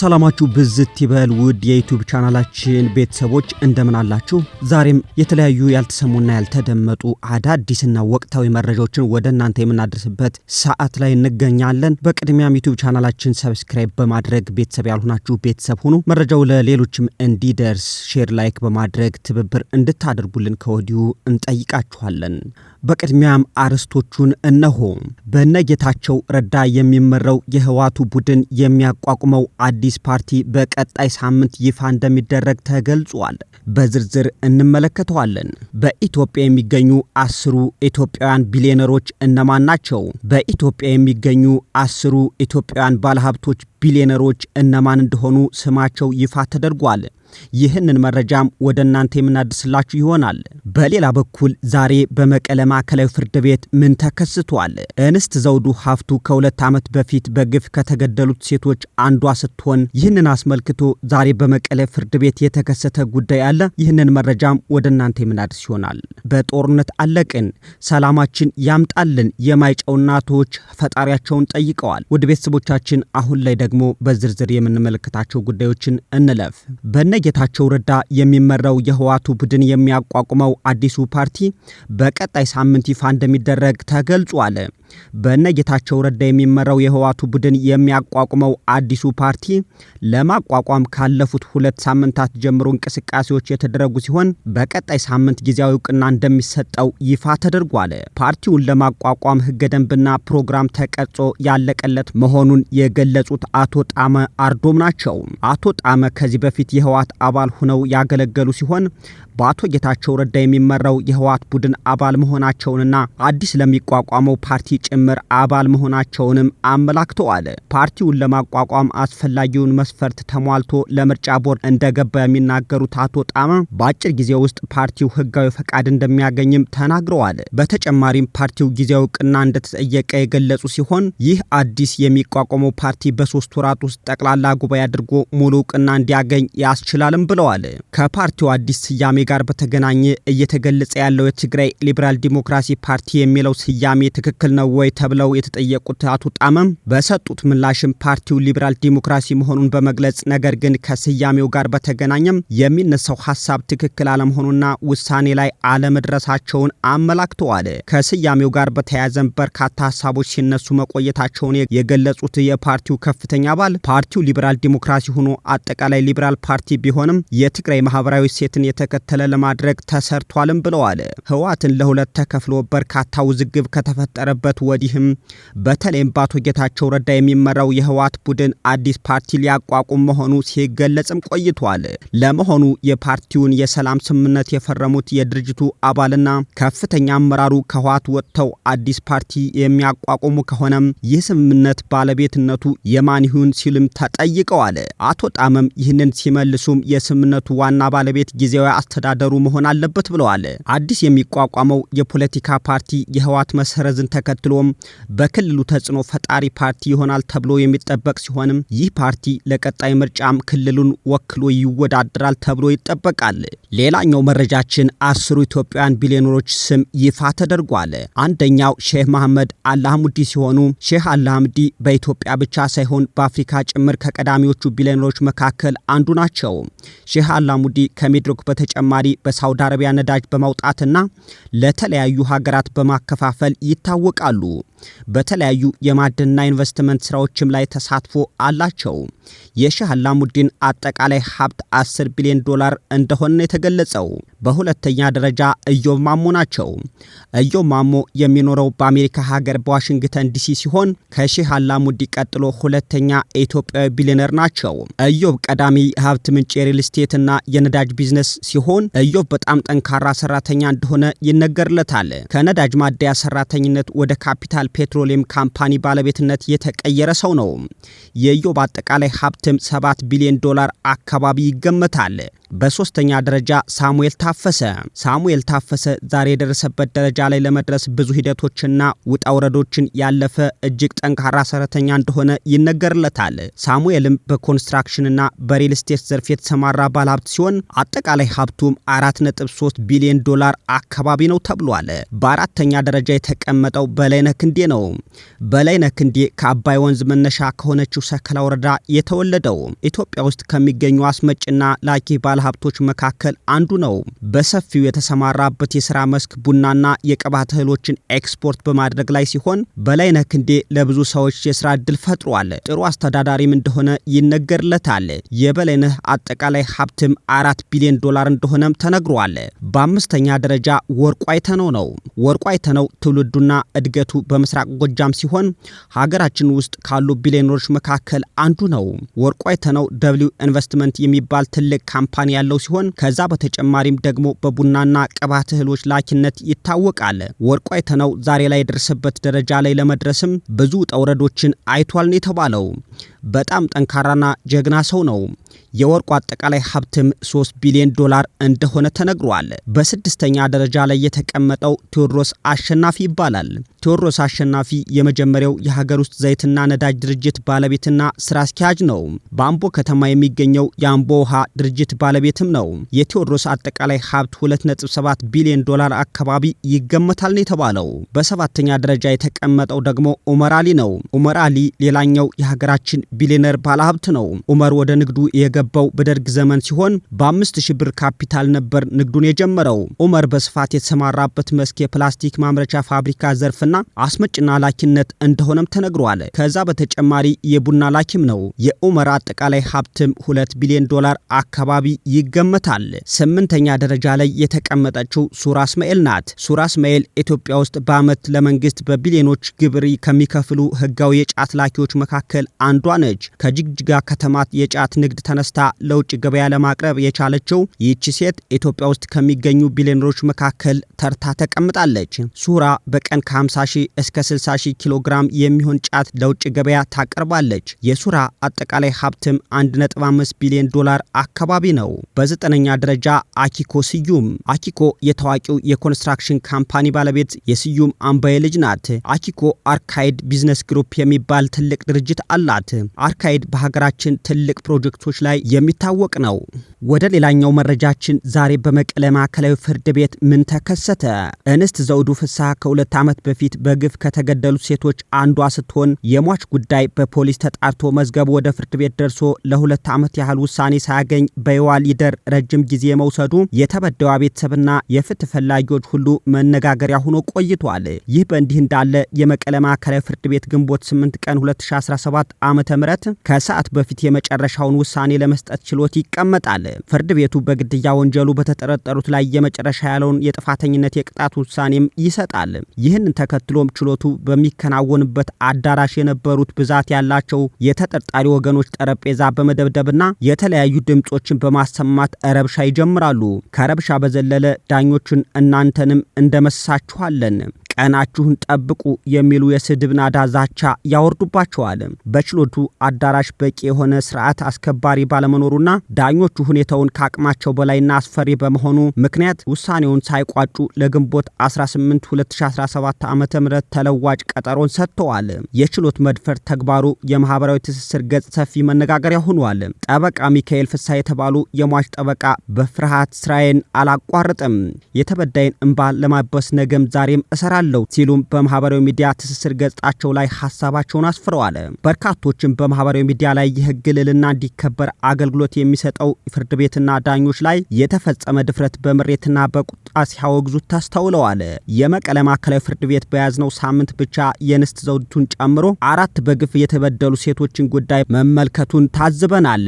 ሰላማችሁ ብዝት ይበል ውድ የዩቲዩብ ቻናላችን ቤተሰቦች እንደምን አላችሁ? ዛሬም የተለያዩ ያልተሰሙና ያልተደመጡ አዳዲስና ወቅታዊ መረጃዎችን ወደ እናንተ የምናደርስበት ሰዓት ላይ እንገኛለን። በቅድሚያም ዩቲዩብ ቻናላችን ሰብስክራይብ በማድረግ ቤተሰብ ያልሆናችሁ ቤተሰብ ሁኑ። መረጃው ለሌሎችም እንዲደርስ ሼር፣ ላይክ በማድረግ ትብብር እንድታደርጉልን ከወዲሁ እንጠይቃችኋለን። በቅድሚያም አርዕስቶቹን እነሆ። በነጌታቸው ረዳ የሚመራው የህዋቱ ቡድን የሚያቋቁመው አዲስ ፓርቲ በቀጣይ ሳምንት ይፋ እንደሚደረግ ተገልጿል። በዝርዝር እንመለከተዋለን። በኢትዮጵያ የሚገኙ አስሩ ኢትዮጵያውያን ቢሊዮነሮች እነማን ናቸው? በኢትዮጵያ የሚገኙ አስሩ ኢትዮጵያውያን ባለሀብቶች ቢሊዮነሮች እነማን እንደሆኑ ስማቸው ይፋ ተደርጓል። ይህንን መረጃም ወደ እናንተ የምናድስላችሁ ይሆናል። በሌላ በኩል ዛሬ በመቀለ ማዕከላዊ ፍርድ ቤት ምን ተከስቷል? እንስት ዘውዱ ሀፍቱ ከሁለት ዓመት በፊት በግፍ ከተገደሉት ሴቶች አንዷ ስትሆን ይህንን አስመልክቶ ዛሬ በመቀለ ፍርድ ቤት የተከሰተ ጉዳይ አለ። ይህንን መረጃም ወደ እናንተ የምናድስ ይሆናል። በጦርነት አለቅን፣ ሰላማችን ያምጣልን የማይጨው እናቶች ፈጣሪያቸውን ጠይቀዋል። ወደ ቤተሰቦቻችን አሁን ላይ ደግሞ በዝርዝር የምንመለከታቸው ጉዳዮችን እንለፍ። በነጌታቸው ረዳ የሚመራው የህዋቱ ቡድን የሚያቋቁመው አዲሱ ፓርቲ በቀጣይ ሳምንት ይፋ እንደሚደረግ ተገልጿል። ጌታቸው ረዳ የሚመራው የህወሓቱ ቡድን የሚያቋቁመው አዲሱ ፓርቲ ለማቋቋም ካለፉት ሁለት ሳምንታት ጀምሮ እንቅስቃሴዎች የተደረጉ ሲሆን በቀጣይ ሳምንት ጊዜያዊ እውቅና እንደሚሰጠው ይፋ ተደርጓል። ፓርቲውን ለማቋቋም ህገ ደንብና ፕሮግራም ተቀርጾ ያለቀለት መሆኑን የገለጹት አቶ ጣመ አርዶም ናቸው። አቶ ጣመ ከዚህ በፊት የህወሓት አባል ሆነው ያገለገሉ ሲሆን በአቶ ጌታቸው ረዳ የሚመራው የህወሓት ቡድን አባል መሆናቸውንና አዲስ ለሚቋቋመው ፓርቲ ጭምር አባል መሆናቸውንም አመላክተዋል። ፓርቲውን ለማቋቋም አስፈላጊውን መስፈርት ተሟልቶ ለምርጫ ቦርድ እንደገባ የሚናገሩት አቶ ጣማ በአጭር ጊዜ ውስጥ ፓርቲው ህጋዊ ፈቃድ እንደሚያገኝም ተናግረዋል። በተጨማሪም ፓርቲው ጊዜያዊ እውቅና እንደተጠየቀ የገለጹ ሲሆን ይህ አዲስ የሚቋቋመው ፓርቲ በሶስት ወራት ውስጥ ጠቅላላ ጉባኤ አድርጎ ሙሉ እውቅና እንዲያገኝ ያስችላልም ብለዋል። ከፓርቲው አዲስ ስያሜ ጋር በተገናኘ እየተገለጸ ያለው የትግራይ ሊበራል ዲሞክራሲ ፓርቲ የሚለው ስያሜ ትክክል ነው ነው ወይ ተብለው የተጠየቁት አቶ ጣመም በሰጡት ምላሽም ፓርቲው ሊበራል ዲሞክራሲ መሆኑን በመግለጽ ነገር ግን ከስያሜው ጋር በተገናኘም የሚነሳው ሀሳብ ትክክል አለመሆኑና ውሳኔ ላይ አለመድረሳቸውን አመላክተዋል። ከስያሜው ጋር በተያያዘም በርካታ ሀሳቦች ሲነሱ መቆየታቸውን የገለጹት የፓርቲው ከፍተኛ አባል ፓርቲው ሊበራል ዲሞክራሲ ሆኖ አጠቃላይ ሊበራል ፓርቲ ቢሆንም የትግራይ ማህበራዊ ሴትን የተከተለ ለማድረግ ተሰርቷልም ብለዋል። ህወሓትን ለሁለት ተከፍሎ በርካታ ውዝግብ ከተፈጠረበት ከጥምረቱ ወዲህም በተለይም በአቶ ጌታቸው ረዳ የሚመራው የህወሓት ቡድን አዲስ ፓርቲ ሊያቋቁም መሆኑ ሲገለጽም ቆይቷል። ለመሆኑ የፓርቲውን የሰላም ስምምነት የፈረሙት የድርጅቱ አባልና ከፍተኛ አመራሩ ከህወሓት ወጥተው አዲስ ፓርቲ የሚያቋቁሙ ከሆነም ይህ ስምምነት ባለቤትነቱ የማን ይሁን ሲልም ተጠይቀዋል። አቶ ጣመም ይህንን ሲመልሱም የስምምነቱ ዋና ባለቤት ጊዜያዊ አስተዳደሩ መሆን አለበት ብለዋል። አዲስ የሚቋቋመው የፖለቲካ ፓርቲ የህወሓት መሰረዝን ተከትሎ አክሎም በክልሉ ተጽዕኖ ፈጣሪ ፓርቲ ይሆናል ተብሎ የሚጠበቅ ሲሆንም ይህ ፓርቲ ለቀጣይ ምርጫም ክልሉን ወክሎ ይወዳደራል ተብሎ ይጠበቃል። ሌላኛው መረጃችን አስሩ ኢትዮጵያውያን ቢሊዮነሮች ስም ይፋ ተደርጓል። አንደኛው ሼህ መሐመድ አልአህሙዲ ሲሆኑ ሼህ አላሙዲ በኢትዮጵያ ብቻ ሳይሆን በአፍሪካ ጭምር ከቀዳሚዎቹ ቢሊዮነሮች መካከል አንዱ ናቸው። ሼህ አላሙዲ ከሚድሮክ በተጨማሪ በሳውዲ አረቢያ ነዳጅ በማውጣትና ለተለያዩ ሀገራት በማከፋፈል ይታወቃሉ። 鲁 በተለያዩ የማዕድንና ኢንቨስትመንት ስራዎችም ላይ ተሳትፎ አላቸው። የሼህ አላሙዲን አጠቃላይ ሀብት 10 ቢሊዮን ዶላር እንደሆነ የተገለጸው በሁለተኛ ደረጃ እዮብ ማሞ ናቸው። እዮብ ማሞ የሚኖረው በአሜሪካ ሀገር በዋሽንግተን ዲሲ ሲሆን ከሼህ አላሙዲ ቀጥሎ ሁለተኛ ኢትዮጵያዊ ቢሊዮነር ናቸው። እዮብ ቀዳሚ የሀብት ምንጭ የሪል ስቴትና የነዳጅ ቢዝነስ ሲሆን እዮብ በጣም ጠንካራ ሰራተኛ እንደሆነ ይነገርለታል። ከነዳጅ ማደያ ሰራተኝነት ወደ ካፒታል የኢትዮጵያናሽናል ፔትሮሊየም ካምፓኒ ባለቤትነት የተቀየረ ሰው ነው። የኢዮብ አጠቃላይ ሀብትም 7 ቢሊዮን ዶላር አካባቢ ይገመታል። በሶስተኛ ደረጃ ሳሙኤል ታፈሰ። ሳሙኤል ታፈሰ ዛሬ የደረሰበት ደረጃ ላይ ለመድረስ ብዙ ሂደቶችና ውጣ ውረዶችን ያለፈ እጅግ ጠንካራ ሰራተኛ እንደሆነ ይነገርለታል። ሳሙኤልም በኮንስትራክሽንና በሪል ስቴት ዘርፍ የተሰማራ ባለሀብት ሲሆን አጠቃላይ ሀብቱም 4.3 ቢሊዮን ዶላር አካባቢ ነው ተብሏል። በአራተኛ ደረጃ የተቀመጠው በላይነ ክንዴ ነው። በላይነ ክንዴ ከአባይ ወንዝ መነሻ ከሆነችው ሰከላ ወረዳ የተወለደው ኢትዮጵያ ውስጥ ከሚገኙ አስመጭና ላኪ ባለ ባለሀብቶች መካከል አንዱ ነው። በሰፊው የተሰማራበት የሥራ መስክ ቡናና የቅባት እህሎችን ኤክስፖርት በማድረግ ላይ ሲሆን በላይነህ ክንዴ ለብዙ ሰዎች የሥራ ዕድል ፈጥሯል። ጥሩ አስተዳዳሪም እንደሆነ ይነገርለታል። የበላይነህ አጠቃላይ ሀብትም አራት ቢሊዮን ዶላር እንደሆነም ተነግሯል። በአምስተኛ ደረጃ ወርቁ አይተነው ነው። ወርቁ አይተነው ትውልዱና እድገቱ በምስራቅ ጎጃም ሲሆን ሀገራችን ውስጥ ካሉ ቢሊዮነሮች መካከል አንዱ ነው። ወርቁ አይተነው ደብሊው ኢንቨስትመንት የሚባል ትልቅ ካምፓኒ ስልጣን ያለው ሲሆን ከዛ በተጨማሪም ደግሞ በቡናና ቅባት እህሎች ላኪነት ይታወቃል። ወርቁ አይተነው ዛሬ ላይ የደረሰበት ደረጃ ላይ ለመድረስም ብዙ ጠውረዶችን አይቷልን አይቷል ነው የተባለው። በጣም ጠንካራና ጀግና ሰው ነው። የወርቁ አጠቃላይ ሀብትም 3 ቢሊዮን ዶላር እንደሆነ ተነግሯል። በስድስተኛ ደረጃ ላይ የተቀመጠው ቴዎድሮስ አሸናፊ ይባላል። ቴዎድሮስ አሸናፊ የመጀመሪያው የሀገር ውስጥ ዘይትና ነዳጅ ድርጅት ባለቤትና ስራ አስኪያጅ ነው። በአምቦ ከተማ የሚገኘው የአምቦ ውሃ ድርጅት ባለቤትም ነው። የቴዎድሮስ አጠቃላይ ሀብት 2.7 ቢሊዮን ዶላር አካባቢ ይገመታል ነው የተባለው። በሰባተኛ ደረጃ የተቀመጠው ደግሞ ኡመር አሊ ነው። ኡመር አሊ ሌላኛው የሀገራችን ቢሊዮነር ባለሀብት ነው። ኡመር ወደ ንግዱ የገ የገባው በደርግ ዘመን ሲሆን በአምስት ሺህ ብር ካፒታል ነበር ንግዱን የጀመረው። ኡመር በስፋት የተሰማራበት መስክ የፕላስቲክ ማምረቻ ፋብሪካ ዘርፍና አስመጭና ላኪነት እንደሆነም ተነግሯል። ከዛ በተጨማሪ የቡና ላኪም ነው። የኡመር አጠቃላይ ሀብትም ሁለት ቢሊዮን ዶላር አካባቢ ይገመታል። ስምንተኛ ደረጃ ላይ የተቀመጠችው ሱራ እስማኤል ናት። ሱራ እስማኤል ኢትዮጵያ ውስጥ በዓመት ለመንግስት በቢሊዮኖች ግብር ከሚከፍሉ ህጋዊ የጫት ላኪዎች መካከል አንዷ ነች። ከጅግጅጋ ከተማት የጫት ንግድ ተነሳ ገዝታ ለውጭ ገበያ ለማቅረብ የቻለችው ይህቺ ሴት ኢትዮጵያ ውስጥ ከሚገኙ ቢሊዮነሮች መካከል ተርታ ተቀምጣለች። ሱራ በቀን ከ50 ሺህ እስከ 60 ሺህ ኪሎ ግራም የሚሆን ጫት ለውጭ ገበያ ታቀርባለች። የሱራ አጠቃላይ ሀብትም 1.5 ቢሊዮን ዶላር አካባቢ ነው። በዘጠነኛ ደረጃ አኪኮ ስዩም። አኪኮ የታዋቂው የኮንስትራክሽን ካምፓኒ ባለቤት የስዩም አምባዬ ልጅ ናት። አኪኮ አርካይድ ቢዝነስ ግሩፕ የሚባል ትልቅ ድርጅት አላት። አርካይድ በሀገራችን ትልቅ ፕሮጀክቶች ላይ የሚታወቅ ነው ወደ ሌላኛው መረጃችን ዛሬ በመቀለ ማዕከላዊ ፍርድ ቤት ምን ተከሰተ? እንስት ዘውዱ ፍስሐ ከሁለት ዓመት በፊት በግፍ ከተገደሉት ሴቶች አንዷ ስትሆን የሟች ጉዳይ በፖሊስ ተጣርቶ መዝገቡ ወደ ፍርድ ቤት ደርሶ ለሁለት ዓመት ያህል ውሳኔ ሳያገኝ በይዋ ሊደር ረጅም ጊዜ መውሰዱ የተበደዋ ቤተሰብና የፍትህ ፈላጊዎች ሁሉ መነጋገሪያ ሆኖ ቆይቷል። ይህ በእንዲህ እንዳለ የመቀለ ማዕከላዊ ፍርድ ቤት ግንቦት 8 ቀን 2017 ዓ ም ከሰዓት በፊት የመጨረሻውን ውሳኔ ለመስጠት ችሎት ይቀመጣል። ፍርድ ቤቱ በግድያ ወንጀሉ በተጠረጠሩት ላይ የመጨረሻ ያለውን የጥፋተኝነት የቅጣት ውሳኔም ይሰጣል። ይህንን ተከትሎም ችሎቱ በሚከናወንበት አዳራሽ የነበሩት ብዛት ያላቸው የተጠርጣሪ ወገኖች ጠረጴዛ በመደብደብና የተለያዩ ድምፆችን በማሰማት ረብሻ ይጀምራሉ። ከረብሻ በዘለለ ዳኞችን እናንተንም እንደመሳችኋለን ቀናችሁን ጠብቁ የሚሉ የስድብ ናዳ ዛቻ ያወርዱባቸዋል። በችሎቱ አዳራሽ በቂ የሆነ ስርዓት አስከባሪ ባለመኖሩና ዳኞቹ ሁኔታውን ከአቅማቸው በላይና አስፈሪ በመሆኑ ምክንያት ውሳኔውን ሳይቋጩ ለግንቦት 18 2017 ዓ ም ተለዋጭ ቀጠሮን ሰጥተዋል። የችሎት መድፈር ተግባሩ የማህበራዊ ትስስር ገጽ ሰፊ መነጋገሪያ ሆኗል። ጠበቃ ሚካኤል ፍሳ የተባሉ የሟች ጠበቃ በፍርሃት ስራዬን አላቋርጥም፣ የተበዳይን እንባ ለማበስ ነገም ዛሬም እሰራለሁ አለው ሲሉም በማህበራዊ ሚዲያ ትስስር ገጻቸው ላይ ሀሳባቸውን አስፍረዋል። በርካቶችም በማህበራዊ ሚዲያ ላይ የህግ ልዕልና እንዲከበር አገልግሎት የሚሰጠው ፍርድ ቤትና ዳኞች ላይ የተፈጸመ ድፍረት በምሬትና በቁጣ ሲያወግዙት ተስተውለዋል። የመቀለ ማዕከላዊ ፍርድ ቤት በያዝነው ሳምንት ብቻ የንስት ዘውዲቱን ጨምሮ አራት በግፍ የተበደሉ ሴቶችን ጉዳይ መመልከቱን ታዝበናል።